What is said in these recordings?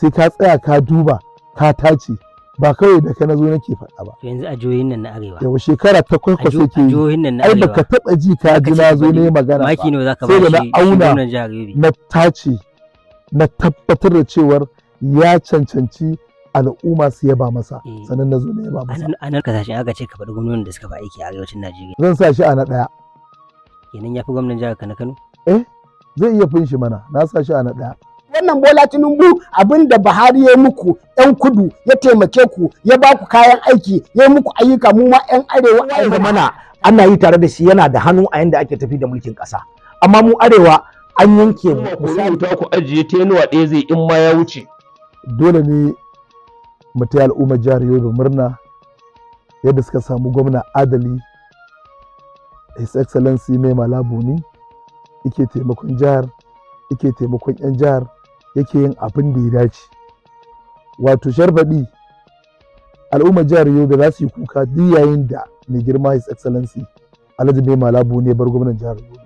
sai ka tsaya ka duba ka tace ba kawai da ka na zo nake faɗa ba. yanzu a jihohin nan na arewa. yawa shekara ta ka sai ke yi. ai baka taɓa ji ka ji na zo ne magana ba. maki ne za ka ba shi na auna na tace na tabbatar da cewar ya cancanci al'umma su yaba masa eh. sannan na zo na yaba masa. a nan kasashen aka ce ka faɗi gwamnonin da suka ba aiki a arewacin najeriya. zan sa shi a na ɗaya. kenan ya fi gwamnan jihar kano. eh zai iya fin shi mana na sa shi a na ɗaya. wannan Bola Tinubu abin da Buhari ya muku yan kudu ya taimake ku ya ba ku kayan aiki ya muku ayyuka mu ma yan arewa a mana ana yi tare da shi yana da hannu a yanda ake tafi da mulkin ƙasa amma mu arewa an yanke mu misali ta ku ajiye ta tenuwa ɗaya zai in ma ya wuce dole ne mu ta al'ummar jihar Yobe murna yadda suka samu gwamna adali his excellency mai malabuni ike taimakon jihar ike taimakon 'yan jihar yake yin abin da ya dace wato sharbaɗi al'ummar jihar yobe za su yi kuka duk yayin da mai girma his excellency alhaji mai malabu ne bar gwamnan jihar yobe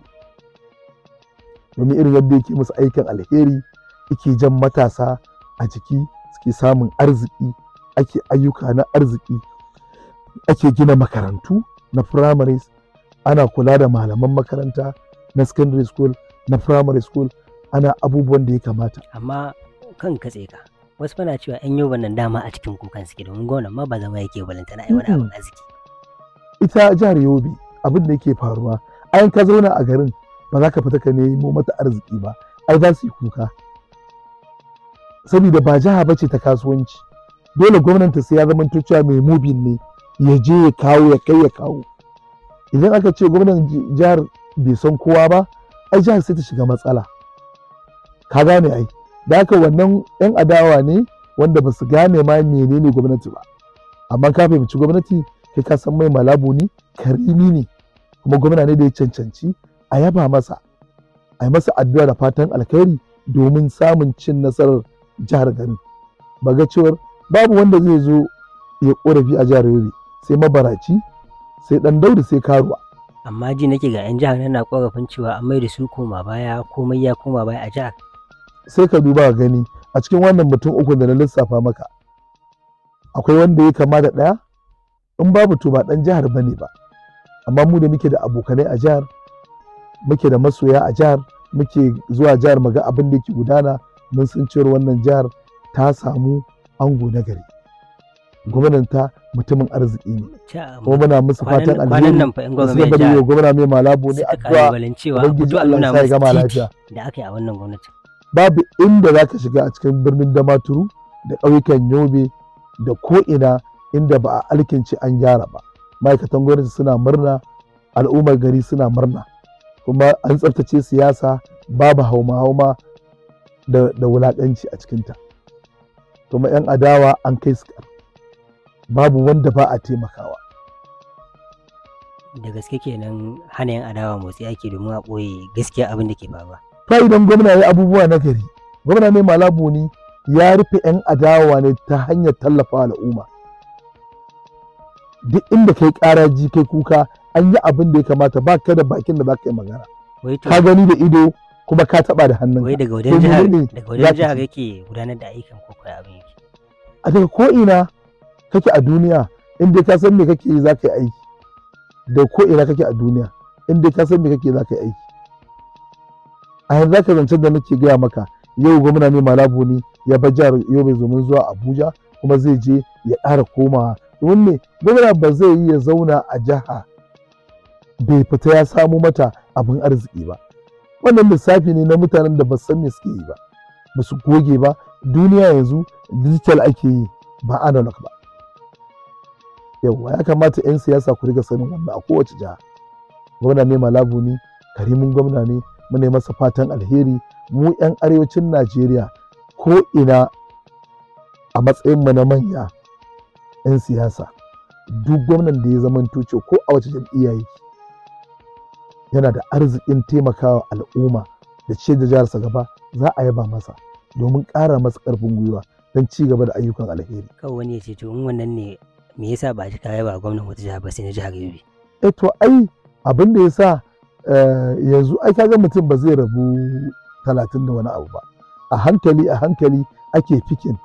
domin irin yadda yake musu aikin alheri yake jan matasa a jiki suke samun arziki ake ayyuka na arziki ake gina makarantu na primaries ana kula da malaman makaranta na secondary school na primary school ana abubuwan da ya kamata amma kan ka ka wasu fana cewa yan yau nan dama a cikin kukan suke domin gwamnan ma ba zama yake balanta na wani abin arziki ita jihar yobe abin da yake faruwa ayan ka zauna a garin ba za ka fita ka nemo mata arziki ba ai za su yi kuka saboda ba jiha ba ce ta kasuwanci dole gwamnati sai ya zama cewa mai mubin ne ya je ya kawo ya kai ya kawo idan aka ce gwamnan jihar bai san kowa ba ai jihar sai ta shiga matsala ka gane ai da haka wannan yan adawa ne wanda ba su gane ma menene gwamnati ba amma ka fahimci gwamnati kai ka san mai malabu ne karimi ne kuma gwamna ne da ya cancanci a yaba masa a yi masa addu'a da fatan alkhairi domin samun cin nasarar jihar gari baga ga cewar babu wanda zai zo ya korafi a jihar yobe sai mabaraci sai dan daudi sai karuwa amma ji nake ga 'yan jihar na korafin cewa an mai da su koma baya komai ya koma baya a jihar sai ka duba gani a cikin wannan mutum uku da na lissafa maka akwai wanda ya kama da ɗaya in babu to ba ɗan jihar ba ne ba amma mu da muke da abokanai a jihar muke da masoya a jihar muke zuwa jihar mu ga abin da ke gudana mun san cewar wannan jihar ta samu ango na gari gwamnan ta mutumin arziki ne kuma muna musu fatan alheri su da bari gwamna mai malabo ne addu'a ubangiji Allah ya gama lafiya da aka yi a wannan gwamnati babu inda za ka shiga a cikin birnin damaturu da ƙauyukan yobe da ko'ina inda ba a alkinci an gyara ba ma'aikatan gwamnati suna murna al'ummar gari suna murna kuma an tsaftace siyasa babu hauma-hauma da, wulaƙanci a cikinta kuma 'yan adawa an kai su babu wanda ba a taimakawa da gaske kenan hana 'yan adawa motsi ake domin a ɓoye gaskiya abin da ke faruwa fa'idan gwamna ya abubuwa na gari gwamna mai malabo ne ya rufe 'yan adawa ne ta hanyar tallafa al'umma duk inda kai karaji kai kuka an yi abin da ya kamata ba ka da bakin da za ka yi magana ka gani da ido kuma ka taba da hannun wai daga wajen jihar yake gudanar da ayyukan ko kai abin yake a daga ko ina kake a duniya inda ka san me kake za ka yi aiki da ko ina kake a duniya in dai ka san me kake za ka yi aiki a yanzu zaka zancen da nake gaya maka yau gwamna mai malabu ne ya bar jihar yobe domin zuwa abuja kuma zai je ya ƙara komawa domin me gwamna ba zai yi ya zauna a jiha bai fita ya samo mata abin arziki ba wannan lissafi ne na mutanen da ba san me suke yi ba ba su goge ba duniya yanzu digital ake yi ba analog ba yawwa ya kamata 'yan siyasa ku riga sanin wannan a kowace jiha gwamna ne malabu ne karimin gwamna ne mu ne masa fatan alheri mu 'yan arewacin najeriya ko ina a matsayinmu na manya 'yan siyasa duk gwamnan da ya zaman tuce ko a wace jam'iyya yana da arzikin taimakawa al'umma da ce da jiharsa gaba za a yaba masa domin ƙara masa ƙarfin gwiwa don ci gaba da ayyukan alheri. Kawai wani ya ce to in wannan ne me yasa ba shi kawai ba gwamnan wata jiha ba sai na jihar Yobe. eto eh ai abin da ya sa Eh, yanzu ai kaga mutum ba zai rabu talatin da wani abu ba a hankali a hankali ake fikin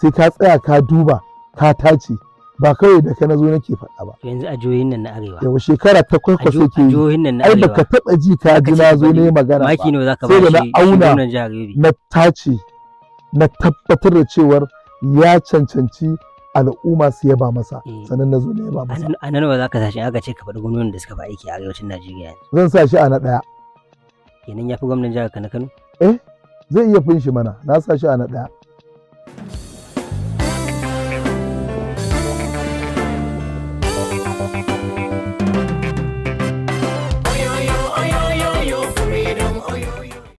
sai ka tsaya ka duba ka tace ba kawai da ka nazo nake faɗa ba yanzu a jihohin nan na arewa yawa shekara ta ko ke yi ai ka taba ji ka ji na zo ne magana ba sai da na auna na tace na tabbatar da cewar ya cancanci al'umma su yaba masa eh. sanan na zo na yaba masa a nan ba za ka sashi aka ce ka faɗi gwamnonin da suka ba aiki a arewacin najeriya zan sa shi a na ɗaya kenan ya fi gwamnan jihar kano eh zai iya fin shi mana na sa shi a na ɗaya